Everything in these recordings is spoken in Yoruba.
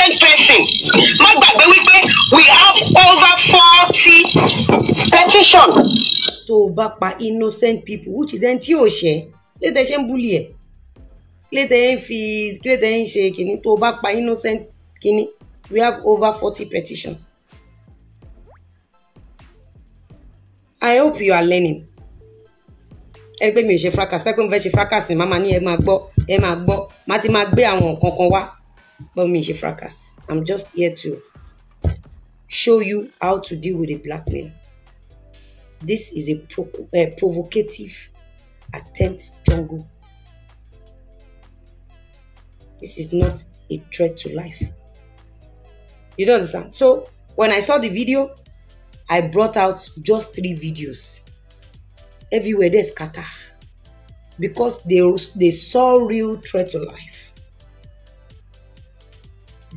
ten facing má gbàgbé wípé we have over forty petitions tó o bá pa innocent people which is ẹni tí ò ṣẹ̀ létẹ̀ ṣe ń búlì ẹ̀ létẹ̀ ń fi létẹ̀ ń ṣe kìíní tó o bá pa innocent kìíní we have over forty petitions. I hope you are learning. Ẹ pé mi ò ṣe fracas, ẹ pé fẹ́ ṣe fracas ni màmá ní ẹ máa gbọ́ ẹ máa gbọ́, màá ti máa gbé àwọn nǹkan wá Mommy Fracas. I'm just here to show you how to deal with a blackmail. This is a, pro a eh, provocative attempt jungle. This is not a threat to life. You don't understand? So when I saw the video, I brought out just three videos. Everywhere they scatter because they, they saw real threat to life.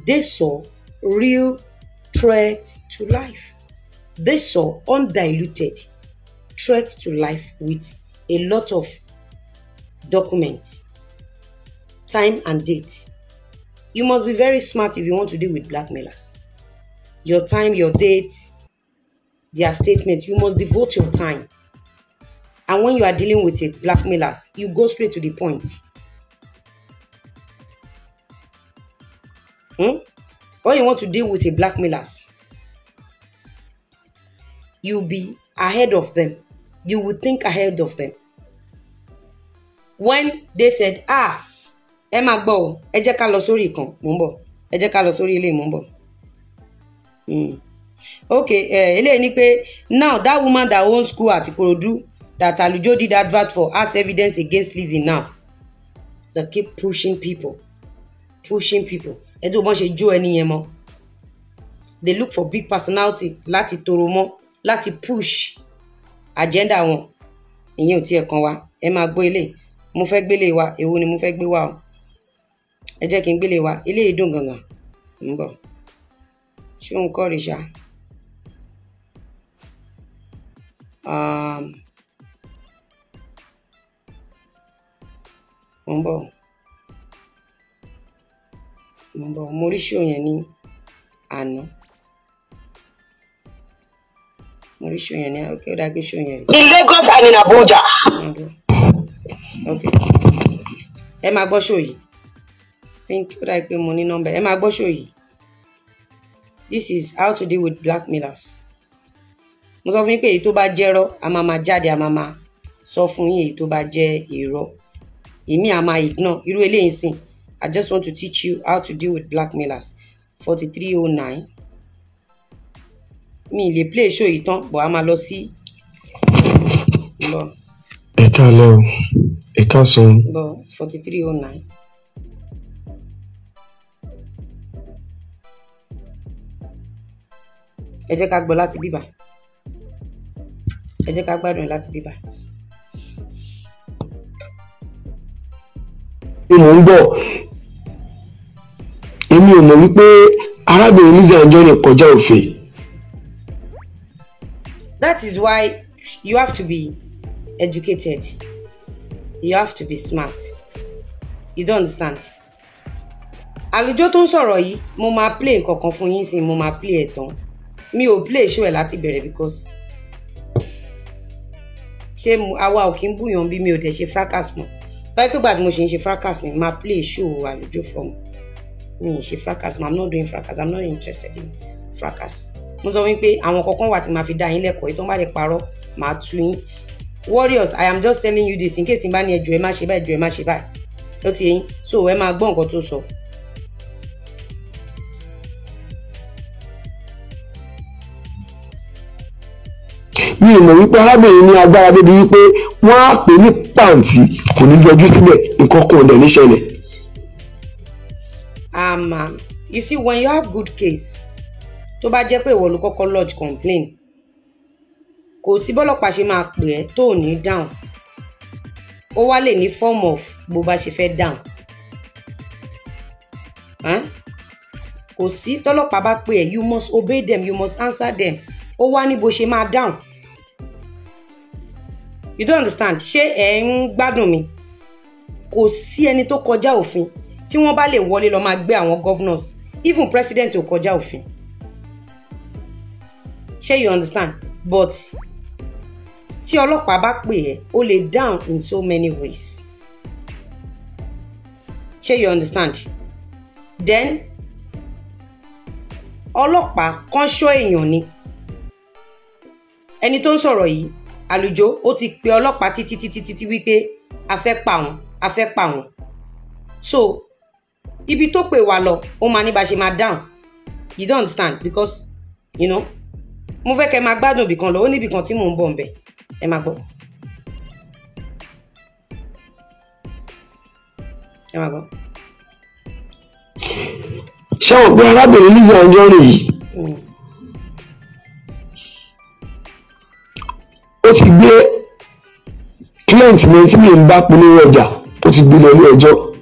They saw real threats to life. They saw undiluted threats to life with a lot of documents, time and date. You must be very smart if you want to deal with blackmailers. Your time, your date, their statement. You must devote your time. And when you are dealing with a blackmailers, you go straight to the point. hmm? when you want to deal with a blackmailers you be ahead of them you will think ahead of them when they said ah Emma, máa gbọ́ o ẹ jẹ́ ká lọ sórí ìkan mò ń bọ̀ ẹ jẹ́ hmm. okay eléyìí now that woman that own school at Ikorodu that Alujo did advert for as evidence against Lizzy now they keep pushing people pushing people ẹ tó bọ́n ṣe jó ẹni yẹn mọ́ they look for big personality láti toro mọ́ láti push agenda wọn ìyẹn ò tiẹ̀ kàn wá ẹ máa gbọ́ ilé mo fẹ́ gbélé wa èwo ni mo fẹ́ gbé wa o ẹ jẹ́ kí n gbélé wa ilé yìí gangan ń bọ̀ ṣé òun kọ́ rí ṣá. Um, ń bọ̀ mo bọ mo rí ṣó yẹn ní àná mo rí ṣó yẹn ní ok ó dágbé ṣó yẹn. Lagos and in Abuja. ok ẹ máa gbọ́ ṣó yìí think ó dágbé pé mo ní nọ́mbà ẹ máa gbọ́ ṣó yìí this is how to deal with blackmailers mo sọ fún yín pé èyí tó bá jẹ́rọ́ a máa ma jáde a máa ma sọ fún yín èyí tó bá jẹ́ irọ́ èmi a máa irú eléyìí sìn I just want to teach you how to deal with blackmailers 4309 Me, the play show yìí but I'm a máa lọ sí. ẹ káalẹ́ o ẹ káàsán. bọ forty three oh nine. ẹ jẹ́ ká gbọ́ láti bíbà ẹ èmi ò mọ̀ wípé arábìnrin Lizzy Anjorin kọjá òfin. that is why you have to be educated you have to be smart you don't understand. àlùjọ tó ń sọ̀rọ̀ yìí mo máa play nǹkan kan fún yín sí mo máa play ẹ̀ tán mi ò play show ẹ̀ láti bẹ̀rẹ̀ because ṣé àwa ò kí ń bùyàn bí mi ò dẹ̀ ṣe fracas mọ́ báyìí pé gbàdúrà mo ṣe ń ṣe fracas ni máa play show àlùjọ fún mi. Me, ì ṣe fracas ma i'm not doing fracas i'm not interested in fracas mo sọ wípé àwọn kankan wà tí màá fi dá yín lẹ́kọ̀ọ́ yìí tó ń bá lè parọ́ màá tú yín warriors i am just telling you this in case n bá ní ẹjọ́ ẹ má ṣe báyìí ẹjọ́ ẹ má ṣe báyìí ló ti yín so ẹ máa gbọ́ nǹkan tó sọ. mi ì mọ̀ wípé arábìnrin ní agbára débi wípé wọ́n á pè ní pàǹtí kò ní yọjú sílẹ̀ nǹkan kan ò dẹ̀ ní ṣẹlẹ̀ àmà you see when you have good case tó bá jẹ́ pé ìwọ ló kọ́kọ́ lodge complain kò sí bọ́lọ́pàá ṣe máa pè ẹ́ tó ò ní dáhùn ó wá lè ní form of bó bá ṣe fẹ́ dáhùn kò sí tọ́lọ́pàá bá pè ẹ́ you must obey them you must answer them ó wá ní bó ṣe máa down. you don't understand ṣé ẹ ń gbádùn mi kò sí ẹni tó kọjá òfin tí wọ́n bá lè wọlé lọ máa gbé àwọn governors even president ò kọjá òfin ṣé you understand but tí ọlọ́pàá bá pè ẹ́ o lè down in so many ways ṣé you understand then ọlọ́pàá kánṣọ́ èèyàn ni ẹni tó ń sọ̀rọ̀ yìí àlùjọ ó ti pe ọlọ́pàá títí títí títí wípé a fẹ́ pa wọn a fẹ́ pa wọn so ibi tó pè wá lọ ó máa ní bá ṣe máa dáhùn you don't understand because you know mo fẹ́ kẹ́ máa gbádùn ibìkan lọ ó ní ibìkan tí mò ń bọ̀ ń bẹ̀ ẹ máa gbọ́. ẹ máa gbọ́. ṣé ọ̀gbìn arábìnrin nígbà ọjọ́ rèé mm. ó ti gbé client mi tí mi ń bá polówó ọjà ó ti gbé lọ ilé ẹjọ́.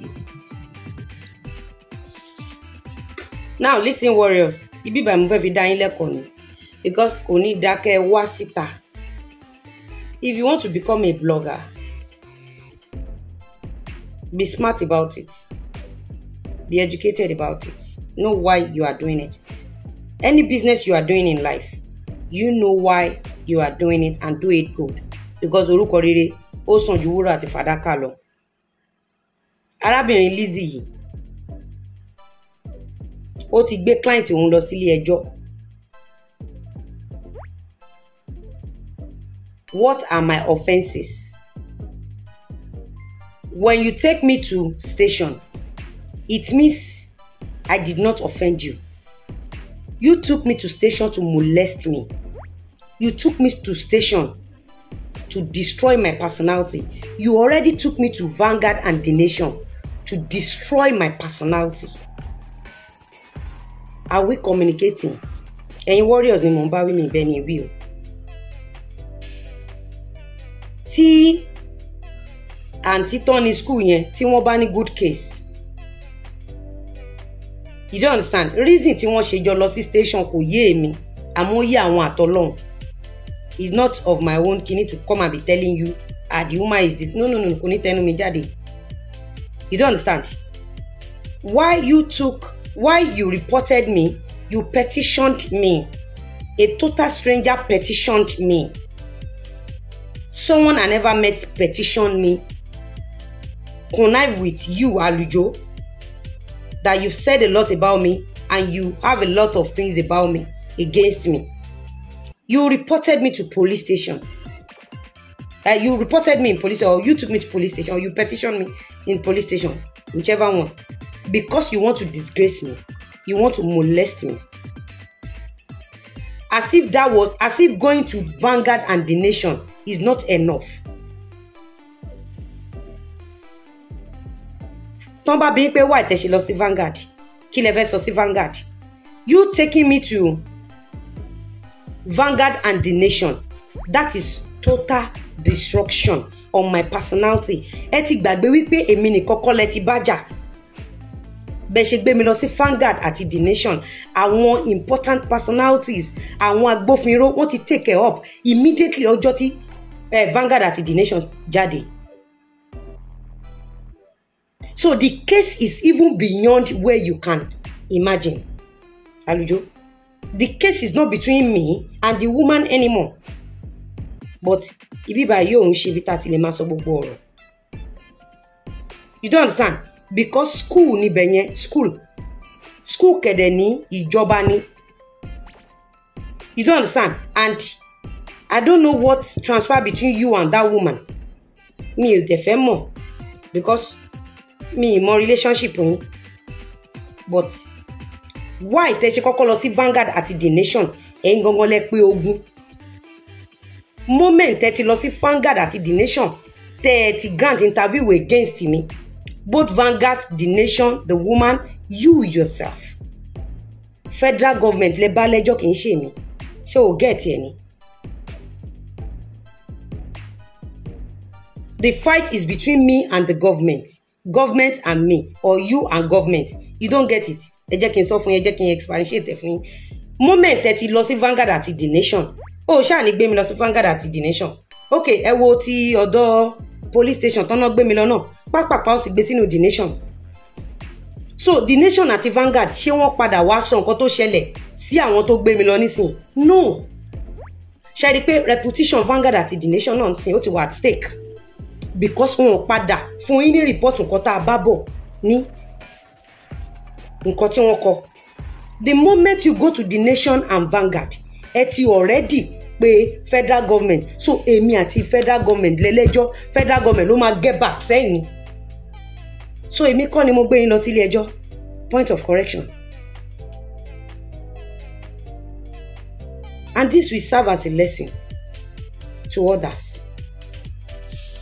now listen warriors ibi ìbàyìí mo fẹ́ fi dá yín lẹ́kọ̀ọ́ ni because kò ní ìdákẹ́ wá síta if you want to become a blogger be smart about it be educated about it know why you are doing it any business you are doing in life you know why you are doing it and do it good because orúkọ rere ó sàn ju wúrà àti fàdákà lọ arábìnrin Lizzy yìí ó ti gbé client to lọ sílé ẹjọ́. What are my offences? When you take me to station, it means I did not offend you. You took me to station to molest me. You took me to station to destroy my personality. You already took me to Vanguard and the nation to destroy my personality. are we communicating ẹ̀yin warriors ni mò ń bá wí mi ìbẹ́ ni wí o tí àǹtí tán ní school yẹn tí wọ́n bá ní good case you don't understand reason tí wọ́n ṣe jọ lọ sí station kò yé èmi àmọ́ ó yé àwọn àtọ́lọ́hún it's not of my own kini to come and be telling you ah the woman is this no no no kò ní tẹnu mi jáde you don't understand why you took Why you reported me, you petitioned me. A total stranger petitioned me. Someone I never met petitioned me. Connive with you, Alujo, that you said a lot about me and you have a lot of things about me against me. You reported me to police station. Uh, you reported me in police or you took me to police station or you petitioned me in police station, whichever one because you want to disgrace me you want to molest me as if that was as if going to Vanguard and the nation is not enough tán bá bí pé why tẹ́ lọ sí Vanguard kí lẹ fẹ́ sọ sí Vanguard you taking me to Vanguard and the nation that is total destruction on my personality ẹ ti gbàgbé wípé èmi nìkan kọ́ lẹ ti bá bẹ́ẹ̀ ṣe gbé mi lọ sí Vanguard àti The Nation àwọn important personalities àwọn agbófinró wọ́n ti take up immediately ọjọ́ tí eh, Vanguard àti The Nation jáde. So the case is even beyond where you can imagine. Alujo, the case is not between me and the woman anymore. But ibi báyìí òun ṣe ibi tá a ti lè máa sọ gbogbo ọ̀rọ̀. You don't understand? because school níbẹ̀ yẹn school school kẹ̀dẹ̀ ní ìjọba ni you don't understand and I don't know what transfer between you and that woman mi ò dẹ̀ fẹ́ mọ̀ because mi ì mọ relationship yín but why tẹ́ ṣe kọ́kọ́ lọ sí Vanguard àti The Nation ẹ̀yin gangan lẹ pé ogún moment tẹ́ ti lọ sí Vanguard àti The Nation tẹ́ ẹ ti grant interview against me both Vanguard, the nation, the woman, you yourself. Federal government lè bá lẹ́jọ́ kì í ṣe mi ṣé o gẹ̀ẹ́tì ẹ̀ ni. The fight is between me and the government, government and me, or you and government. You don't get it. Ẹ jẹ́ kí n sọ fún yín, ẹ jẹ́ kí n expatiate ẹ̀ fún yín. Moment ẹ ti lọ sí Vanguard àti the nation. Ó ṣáà ní gbé mi lọ sí Vanguard àti the nation. Ok, ẹ wo ti ọ̀dọ̀ police station tán náà gbé mi lọ náà pápápá ó ti gbé sínú the nation so the nation àti Vanguard ṣé wọ́n padà wá sọ nǹkan tó ṣẹlẹ̀ sí àwọn tó gbé mi lọ nísìn no ṣe rí i pé reputation Vanguard àti the nation náà sìn ó ti wà at stake because wọn ò padà fún yín ní report nǹkan tá a bá bọ̀ ní nǹkan tí wọ́n kọ the moment you go to the nation and Vanguard ẹ ti already pé federal government so èmi àti federal government lẹ́lẹ́jọ́ federal government ló máa get back sẹ́yìn so èmi kọ́ ni mo gbé yín lọ sí ẹjọ́ point of correction and this will serve as a lesson to others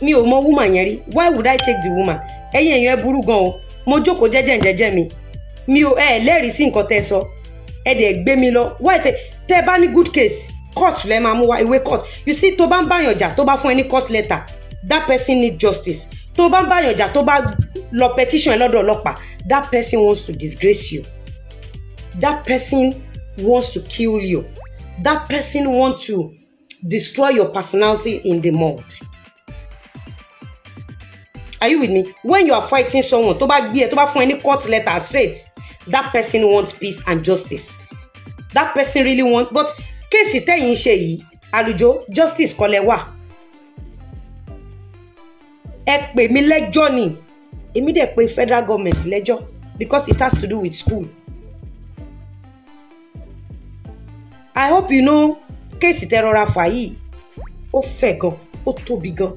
mi ò mọ woman yẹn rí why would I take the woman ẹ̀yin èèyàn ẹ burú gan o mo jókòó jẹ́jẹ́ jẹ́jẹ́ mi mi ò ẹ lẹ́rìí sí nǹkan tẹ́ ẹ sọ ẹ dẹ̀ gbé mi lọ why tẹ tẹ ẹ bá ní good case court lẹ máa mú wá ìwé court you see tó bá ń báyàn jà tó bá fún ẹ ní court letter that person need justice tó bá ń báyàn jà tó bá lọ petition ẹ lọ́dọ̀ ọlọ́pàá that person wants to disgrace you that person wants to kill you that person wants to destroy your personality in the mold. Are you with me? When you are fighting someone, tó bá gbé ẹ, tó bá fún ẹ ní court letter straight, that person wants peace and justice. That person really want. but kéèsì tẹ́yìn ṣe yìí, àlùjọ justice kọ́lẹ̀ wà. Ẹ pè mí lẹ́jọ́ ni èmi dẹ̀ pe federal government lẹ́jọ́ because it has to do with school. I hope you know kéèsì tẹ rọra fà yìí ó fẹ̀ gan ó tóbi gan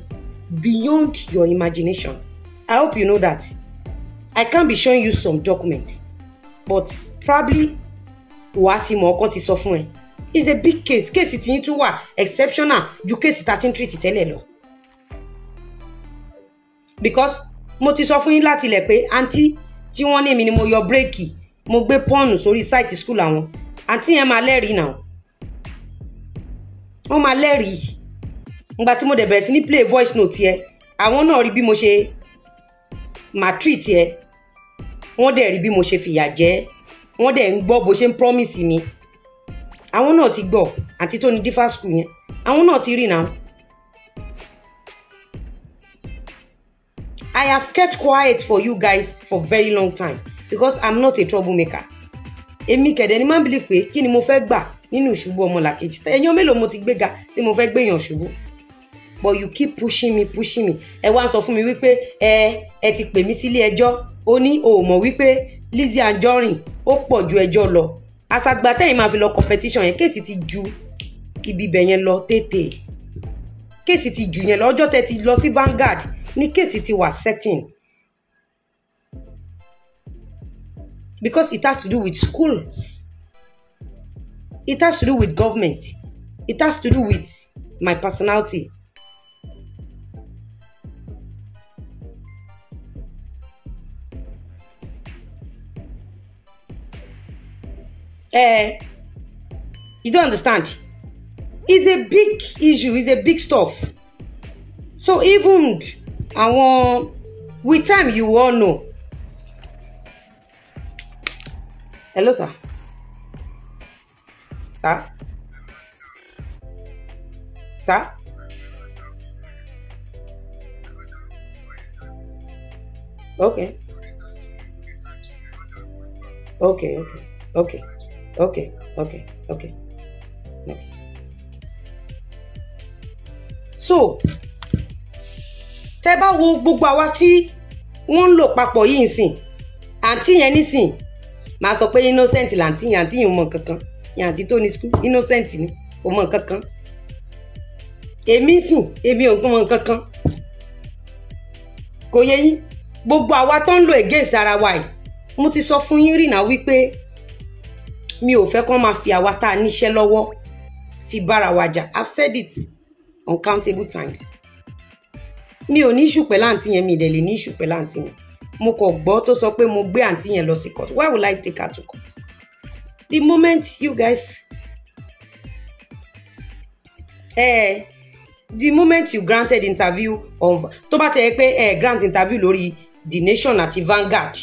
beyond your imagination I hope you know that I can be showing you some document but probably wàá ti mọ̀ ọkàn ti sọ fún ẹ it's a big case kéèsì tí yín tún wà exceptional ju kéèsì thirteen treat tẹ́lẹ̀ lọ because mo ti sọ fún yín láti ilẹ̀ pé àǹtí tí wọ́n ní èmi ni mo yọ bírèkì mo gbé pọ́ọ̀nù sórí sáìtì skul àwọn àǹtí yẹn máa lẹ́rìí náà wọ́n máa lẹ́rìí ngbà tí mo dẹ̀ bẹ̀rẹ̀ sí ní play voice note yẹ àwọn náà rí bí mo ṣe matrit yẹ wọ́n dẹ̀ rí bí mo ṣe fìyà jẹ wọ́n dẹ̀ ń gbọ́ bó ṣe ń promise mi àwọn náà ti gbọ́ àǹtí tó ní differ school yẹn àwọn náà ti rí náà. I have kept quiet for you guys for very long time because I'm not a troublemaker. Èmi kẹ̀dẹ̀ ni máa ń believe pé kí ni mo fẹ́ gbà nínú ìṣubú ọmọlàkejì ẹ̀yàn mélòó mo ti gbéga tí mo fẹ́ gbéyàn ṣubú but you keep pushing me pushing me ẹ wá sọ fún mi wípé ẹ ẹ ti pè mí sílé ẹjọ́ ó ní o ò mọ̀ wípé Lizzy Anjorin ó pọ̀ ju ẹjọ́ lọ àṣàgbà tẹ́yìn máa fi lọ competition yẹn kéèsì ti ju ibi ibẹ̀ yẹn lọ tètè kéèsì ti jù yẹn lọ ọjọ́ tẹ́ ti lọ sí Vanguard ní kéèsì ti wà setting because it has to do with school it has to do with government it has to do with my personality. Uh, you don't understand. It's a big issue. It's a big stuff. So even àwọn with time you all know hello sir sir sir okay okay okay okay okay okay okay okay so tẹ́ bá wo gbogbo àwa tí wọ́n ń lò papọ̀ yìí nsìn àǹtí yẹn nísìn màá sọ pé innocent làǹtí yẹn àǹtí yẹn ò mọ kankan yẹn àǹtí tó ní school innocent ni ò mọ kankan èmi sìn èmi ò mọ kankan kò yẹ yín gbogbo àwa tó ń lo against ara wa yìí mo ti sọ fún yín rìnà wípé mi ò fẹ́ kán máa fi àwa tá a níṣẹ́ lọ́wọ́ fi bára wa jà I've said it uncountable times mi ò ní ìṣù pẹ̀lú àǹtí yẹn mi ì dẹ̀ lè ní ìṣù pẹ̀lú yẹn mo kàn gbọ́ tó sọ pé mo gbé àǹtí yẹn lọ sí court why would I take her to court the moment you guys eh, the moment you granted interview on tó bá tẹ̀ pé eh, grant interview lórí The Nation àti Vanguard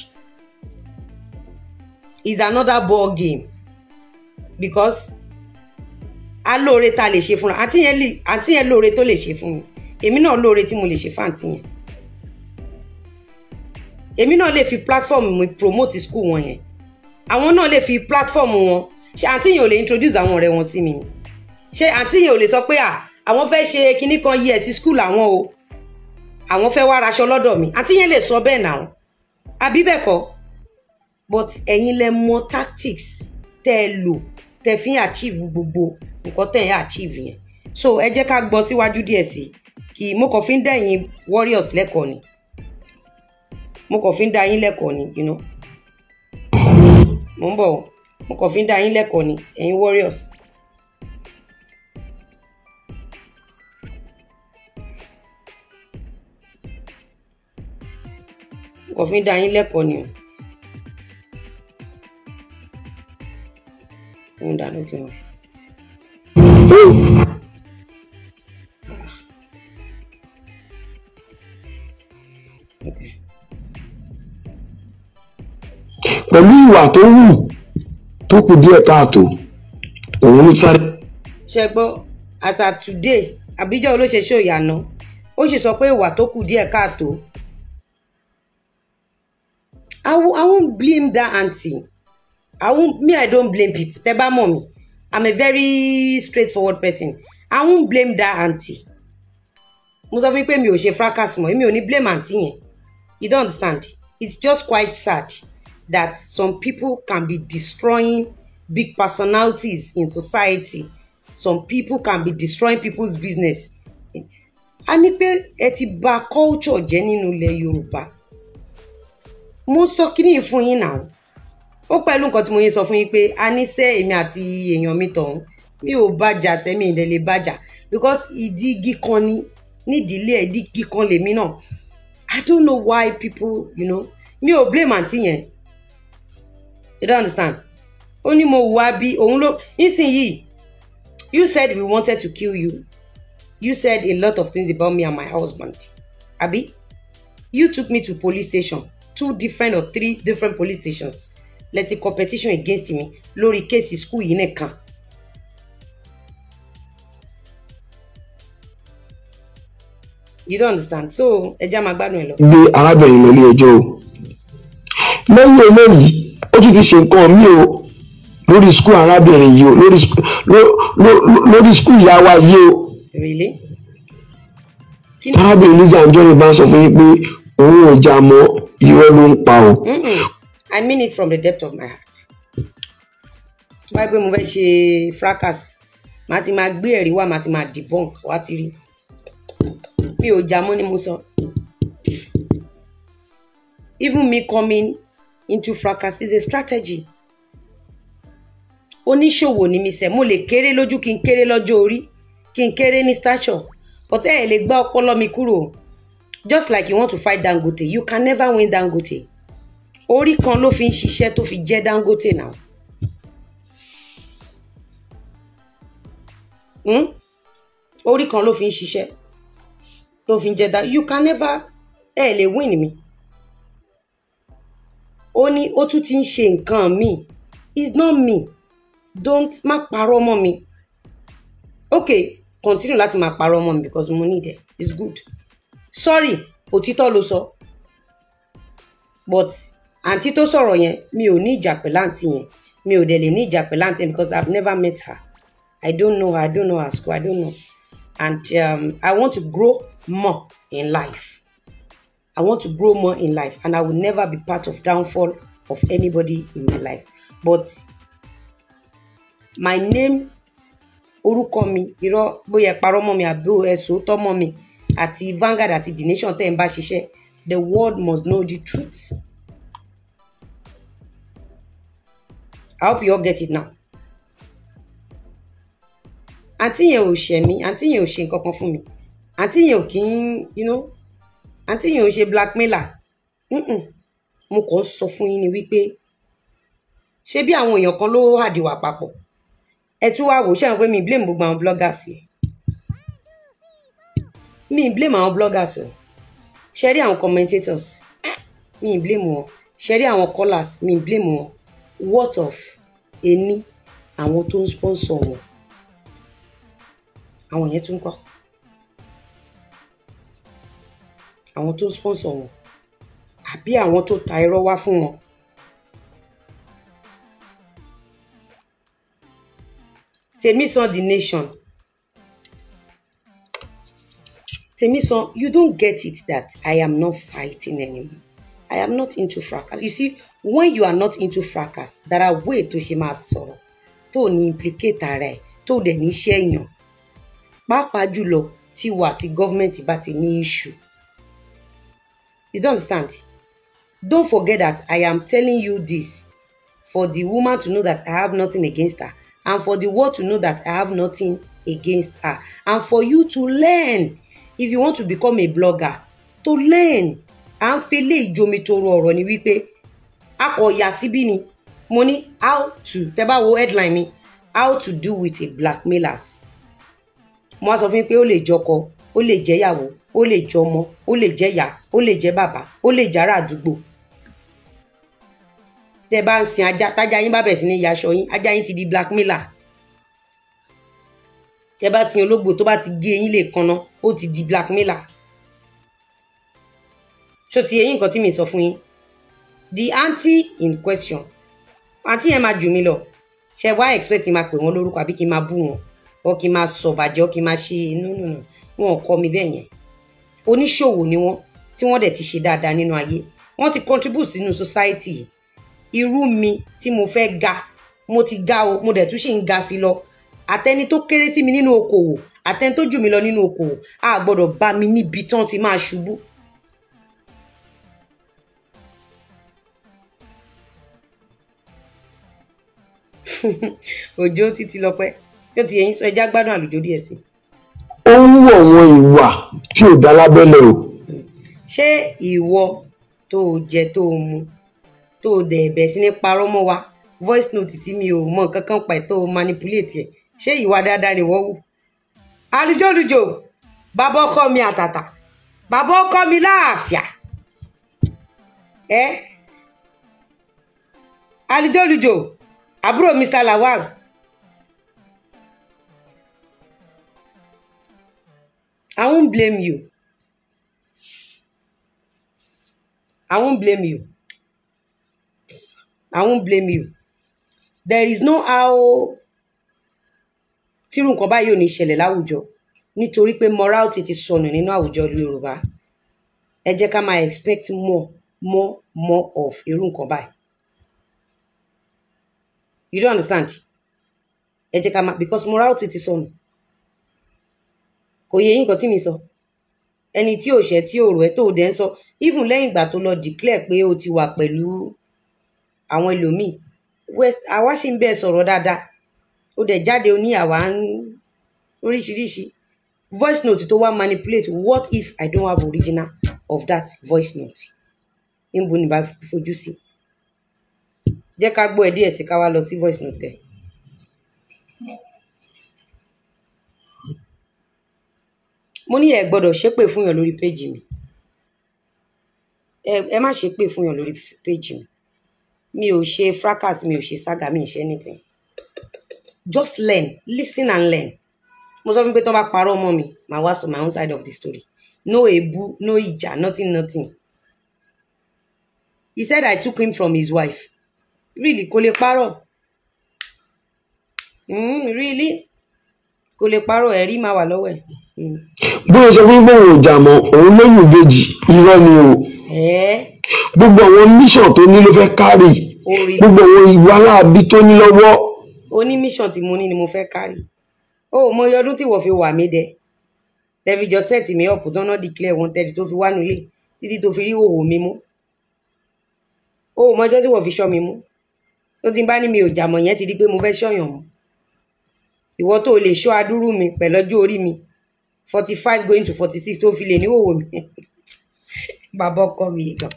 is another ball game because alóore ta lè ṣe fúnra àǹtí yẹn lóore tó lè ṣe fún mi èmi náà lóore tí mo lè ṣe fáǹtì yẹn èmi náà lè fi platform mi promote school wọn yẹn àwọn náà lè fi platform wọn ṣe àǹtí yẹn ò lè introduce àwọn ọ̀rẹ́ wọn sí mi ni ṣe àǹtí yẹn ò lè sọ pé à àwọn fẹ́ ṣe kinní kan yẹ sí school àwọn o àwọn fẹ́ wá raṣọ lọ́dọ̀ mi àǹtí yẹn lè sọ bẹ́ẹ̀ náà àbí bẹ́ẹ̀ kọ́ but ẹ̀yin lẹ mọ tactics tẹ́ ẹ lò tẹ́ fi ń achieve gbogbo nǹkan tẹ́ ẹ achieve yẹn so ẹ jẹ́ ká gbọ́ síwájú díẹ̀ sí kì í mo kàn fi ń dá warriors lẹ́kọ̀ọ́ ni mo kàn fi ń dá yín lẹ́kọ̀ọ́ ni you know mo ń bọ̀ mo kàn fi ń dá yín lẹ́kọ̀ọ́ ni ẹ̀yin warriors. mo kàn fi ń dá yín lẹ́kọ̀ọ́ ni o. mo ń dá lókè wọn. pẹ̀lú ìwà tó wù tó kù díẹ̀ káàtó òun ló sáré. ṣẹgbọ́n àtà today àbíjọ́ olóṣèṣe òyànà ó sì sọ pé ìwà tó kù díẹ̀ káàtó. I won't, I won't blame that auntie. I won't, me, I don't blame people. Tẹ́ bá mọ̀ I'm a very straightforward person. I won't blame that auntie. Mo sọ fún pé mi ò ṣe fracas mọ́, èmi blame auntie. You don't understand? It's just quite sad that some people can be destroying big personalities in society some people can be destroying people's business a ní pé ẹ ti bà culture jẹ́ nínú ilẹ̀ yorùbá mo sọ kíní fún yín náà ó pẹ̀lú nǹkan tí mo yín sọ fún yín pé a ní sẹ́ èmi àti èèyàn mi tọ̀hún mi ò bàjà tẹ́mi ìdẹ̀ bàjà because ìdí igi kan ni nídìílé ìdí igi kan lèmi náà i don't know why people you know mi ò blame àǹtí yẹn you don't understand ó ní mo wá bí òun ló nísìnyìí you said we wanted to kill you you said a lot of things about me and my husband abi you took me to police station two different or three different police stations let's say competition against me lórí kéèsì school yìí nìkan you don't understand so ẹja máa gbádùn ẹ lọ. gbé arábìnrin lọ ní ẹjọ́ o lẹ́yìn eléyìí ó tún ti ṣe nǹkan mi o lórí skul arábìnrin yìí o lórí skul ìyá wa yìí o. arábìnrin ní jàǹjọ́rin bá sọ fún yín pé òun ò já mọ́ irọ́ ló ń pa o. I mean it from the depth of my heart. tó bá gbé mo fẹ́ ṣe fracas màá ti máa gbé ẹ̀rí wá màá ti máa debunk wá ti rí mi ò já mọ́ ni mo sọ. even me coming into fracas is a strategy oníṣòwò ni mi sẹ mo lè kéré lójú kí n kéré lọ́jọ́ orí kí n kéré ní stature but ẹ eh, lè gbá ọpọlọ mi kúrò just like you want to fight Dangote you can never win Dangote orí kan ló fi ń ṣiṣẹ́ tó fi jẹ́ Dangote now. Hmm? orí kan ló fi ń ṣiṣẹ́ tó fi ń jẹ́ Dangote you can never ẹ eh, lè win mi ó ní ó tún ti ń ṣe nǹkan míì it's not me don't má parọ́ mọ́ mi ok continue láti máa parọ́ mọ́ mi because mo need it it's good sorry òtítọ́ ló sọ but àǹtí tó sọ̀rọ̀ yẹn mi ò ní ìjà pẹ̀lú àǹtí yẹn mi ò dẹ̀ lè ní ìjà pẹ̀lú àǹtí yẹn because I've never met her I don't know her I don't know her school I don't know and um, I want to grow more in life I want to grow more in life and I will never be part of downfall of anybody in my life. But my name orúkọ mi irọ́ bóyá parọ́ mọ́ mi àbí ẹ̀sùn tọ́ mọ́ mi àti Vanguard àti the nation tẹ́ ń bá ṣiṣẹ́ the world must know the truth. I hope you all get it now. àǹtí yẹn ò ṣẹ̀ mí àǹtí yẹn ò ṣe nǹkan kan fún mi àǹtí yẹn ò kí ń you know àǹtí yìí ò ń ṣe blackmailer mo kàn sọ fún yín ni wípé ṣé bí àwọn èèyàn kan ló hàdìwà papọ̀ ẹ tún wá wò ṣé àwọn pé mi blame gbogbo àwọn bloggers yìí mi blame àwọn bloggers o ṣe rí àwọn commentators mi blame wọn ṣe rí àwọn callers mi blame wọn what of ení àwọn tó ń sponsor wọn àwọn yẹn tún kọ́. àwọn tó sponsor wọn àbí àwọn tó ta irọ́ wá fún wọn. Temisan the nation Temisan you don't get it that I am not fighting anymore I am not into fracas you see when you are not into fracas there are ways to ṣe máa sọ̀rọ̀ tó ní implicate ara ẹ̀ tó dẹ̀ ní ṣẹ́yàn pàápàá jùlọ tí wà tí gọ́ọ̀mẹ̀ntì bá ti ní issue You don't understand? Don't forget that I am telling you this for the woman to know that I have nothing against her, and for the world to know that I have nothing against her, and for you to learn if you want to become a blogger to learn. À ń fi ilé ìjomitoro ọ̀rọ̀ ni wípé a kò yà síbí ni mo ní how to Teba wo headline mi how to deal with a blackmailers. Mo á sọ fún yín pé ó lè jọkọ ó lè jẹ́yàwó ó lè jẹ́ ọmọ ó lè jẹ́ ìyá ó lè jẹ́ bàbá ó lè jẹ́ ará àdúgbò tẹ́ bá ń sin ajá tájá yín bá bẹ̀ sí ní yaṣọ yín ajá yín ti di blackmailer tẹ́ bá sin ológbò tó bá ti gé eyín lè kanna ó ti di blackmailer So ti eyín nǹkan tí mi sọ fún yín the aunty in question àǹtí yẹn máa jù mí lọ ṣe wá expect máa pè wọ́n lórúkọ àbí kí n máa bú wọn ọ kí n máa sọ̀bàjẹ́ ọ kí n máa ṣe nùnùnù wọn kọ́ mi bẹ́ẹ̀ yẹn oníṣòwò ni wọ́n tí wọ́n dẹ̀ ti ṣe dáadáa nínú ayé wọ́n ti contribute sínú society yìí irú mi tí mo fẹ́ ga mo ti ga o mo dẹ̀ tún ṣì ń ga sí lọ àtẹni tó kéré sí mi nínú okòwò àtẹni tó jù mí lọ nínú okòwò a gbọ́dọ̀ bá mi níbi tán ti máa ṣubú òjò títí lọpẹ yóò ti yẹyin sọ ẹjá gbádùn àlùjọ díẹ̀ sí i ó ń hu àwọn ìwà tí ò dáa lábẹ́lẹ̀ o. ṣé ìwọ tó o jẹ tó o mu tó o dẹ̀ ẹ̀bẹ̀ sí ní parọ́ mọ́ wa voice note tí mi ò mọ nǹkan kan pa ẹ̀ tó o manipulate ẹ̀ ṣé ìwà dáadáa ni wọ́n wù. àlùjọ́lùjọ́ bàbá ọkọ mi àtàtà bàbá ọkọ mi láàfíà ẹ àlùjọ́lùjọ́ àbúrò Mr. Lawal. I won't blame you. I won't blame you. I won't blame you. There is no how tírú nǹkan báyìí ò ní ṣẹlẹ̀ láwùjọ nítorí morality ti sọnù nínú àwùjọ Yorùbá. Ẹ jẹ́ ká máa expect more more more of irú nǹkan báyìí. You don't understand? Ẹ jẹ́ ká máa because morality ti sọnù kò yẹ yín nǹkan tí mi sọ ẹni tí ò ṣẹ tí ò rò ẹ tó dẹ ń sọ even lẹ́yìn ìgbà tó lọ declare pé o ti wà pẹ̀lú àwọn ẹlòmíì west àwa ṣì ń bẹ sọ̀rọ̀ dáadáa ó dẹ̀ jáde ó ní àwa ń oríṣiríṣi voice note tó wá manipulate what if I don't have original of that voice note níbo ni bá fojú sí jẹ́ ká gbọ́ ẹ̀ díẹ̀ sí ká wá lọ sí voice note ẹ̀. mo ní ẹ gbọ́dọ̀ ṣépè fún yàn lórí péjì mi ẹ má ṣépè fún yàn lórí péjì mi mi ò ṣe fracas mi ò ṣe saga mi ò ṣe anything just learn listen and learn mo sọ fún pé tí wọn bá parọ́ ọmọ mi màá wá sọ my own side of the story no ebu no ìjà nothing nothing he said i took him from his wife really kò lè parọ́ hmm, really kò lè parọ́ ẹ̀rí máa wà lọ́wọ́ ẹ̀. Hmm. bí o sọ wípé òun ò jà mọ́ òun lẹ́yìn ìbejì irọ́ ni o gbogbo àwọn mission tó ní ló fẹ́ kárì gbogbo àwọn ìwà láàbí tó ní lọ́wọ́. o ní mission tí mo ní ni mo fẹ́ kárì o ò mọ iye ọdún tí wọ́n fi wà mí dẹ tẹ́fi jọ sẹ́ẹ̀tì mi ọ̀pọ̀ tán náà declare wọn tẹ́lẹ̀ tó fi wá nílé títí tó fi rí òwò mi mú o ò mọ ọjọ́ tí wọ́n fi ṣọ́ mi mú tó ti bá ní mi ò jà mọ̀ yẹn ti di pé mo fẹ́ ṣọ́yàn mọ́ ìwọ tó lè ṣọ́ adúrú mi pẹ̀lú ọjọ́ orí mi forty five going to forty six tó fi lè níhòòhò mi bàbá ọkọ mi gan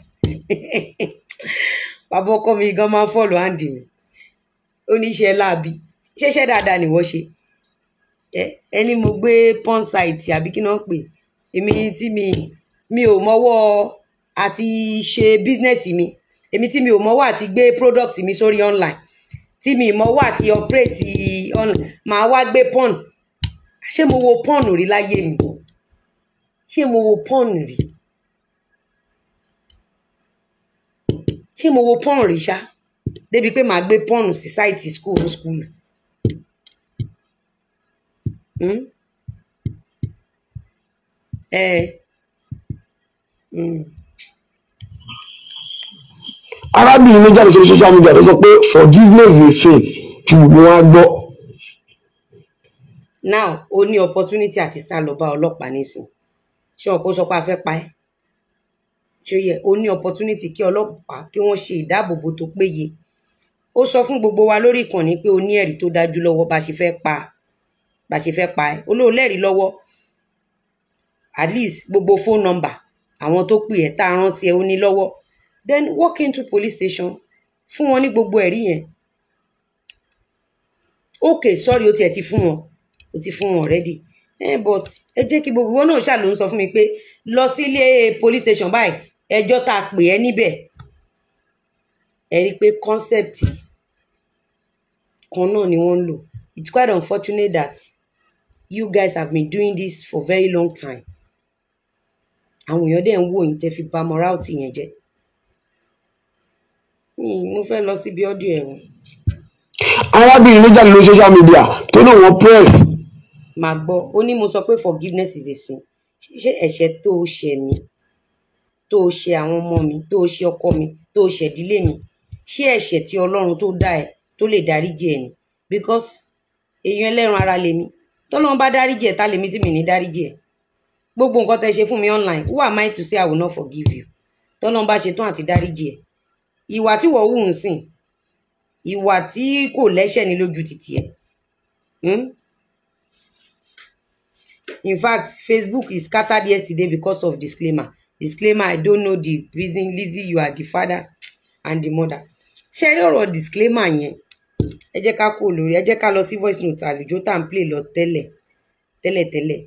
bàbá ọkọ mi gan máa ń fọlọ àǹdí mi oníṣẹ́ láabi ṣẹṣẹ́ dáadáa ni wọ́n ṣe ẹni mo gbé pọn site àbí kí náà pè èmi tí mi mi ò mọwọ́ àti ṣe bísínẹsì mi èmi tí mi ò mọwọ́ àti gbé product mi sórí online tí mi mọ wà tí ọpẹrẹtì máa wá gbé pọn ṣé mo wo pọn rí láyé mi ṣé mo wo pọn rí ṣé mo wo pọn rí ṣá débi pé màá gbé pọn sí sáìtì school school. Hmm? Eh. Mm arábìnrin méjì àti sórí social media tó sọ pé forgiveness dey fail tí gbogbo wọn á gbọ́. now o ní opportunity àti sá lọ bá ọlọ́pàá nísìnyí ṣé ọ̀pọ̀ sọ pé a fẹ́ pa ẹ́ ṣó yẹ o ní opportunity kí ọlọ́pàá kí wọ́n ṣe ìdáàbòbò tó péye ó sọ fún gbogbo wa lórí ìkànnì pé o ní ẹ̀rí tó dájú lọ́wọ́ bá ṣe fẹ́ pa bá ṣe fẹ́ pa ẹ́ olóòlẹ́rìí lọ́wọ́ at least gbogbo phone number àwọn tó pè ẹ́ tá a rán sí ẹ ó ní lọ́wọ́ then walk into police station fún wọn ní gbogbo ẹ̀rí yẹn ok sorry o tiẹ̀ ti fún wọn o ti fún wọn already eh, but ẹ jẹ́ kí gbogbo wọn náà ṣáà ló ń sọ fún mi pé lọ sílé police station báyìí ẹjọ́ tá a pè ẹ́ níbẹ̀ ẹ rí i pé concept kan náà ni wọ́n ń lò it's quite unfortunate that you guys have been doing this for very long time àwọn èèyàn dẹ̀ ń wò yín tẹ́ fi bà morality yẹn jẹ́. Hmm, mo fẹ́ lọ síbi ọdún ẹ̀wọ̀n. arábìnrin ló jáde lórí social media tó ní wọn press. màá gbọ́ ó ní mo sọ pé forgiveness is a sin ṣé ẹ̀ṣẹ̀ tó o ṣẹ̀ mi tó o ṣe àwọn ọmọ mi tó o ṣe ọkọ mi tó o ṣẹ̀ ìdílé mi ṣé ẹ̀ṣẹ̀ tí ọlọ́run tó dá ẹ tó lè dáríjì ẹ ni because èèyàn ẹlẹ́ran ara lèmi tọ́lọ́run bá dáríjì ẹ ta lèmi tí mi ní dáríjì ẹ gbogbo nǹkan tẹ́ ṣe fún mi online who am I to say I will not forgive you tọ́lọ́run bá ṣetán àti dáríjì ẹ ìwà tí wọ́n hù ń sìn ìwà tí kò lẹ́sẹ̀ ní lójú títì ẹ̀ hmm? in fact Facebook is scattered yesterday because of disclaimer disclaimer I don't know the reason Lizzie you are the father and the mother ṣe rí ọ̀rọ̀ disclaimer yẹn ẹ jẹ́ ká kó lórí ẹ jẹ́ ká lọ sí voice note àlùjọ tá à ń play lọ tẹ́lẹ̀ tẹ́lẹ̀tẹ́lẹ̀.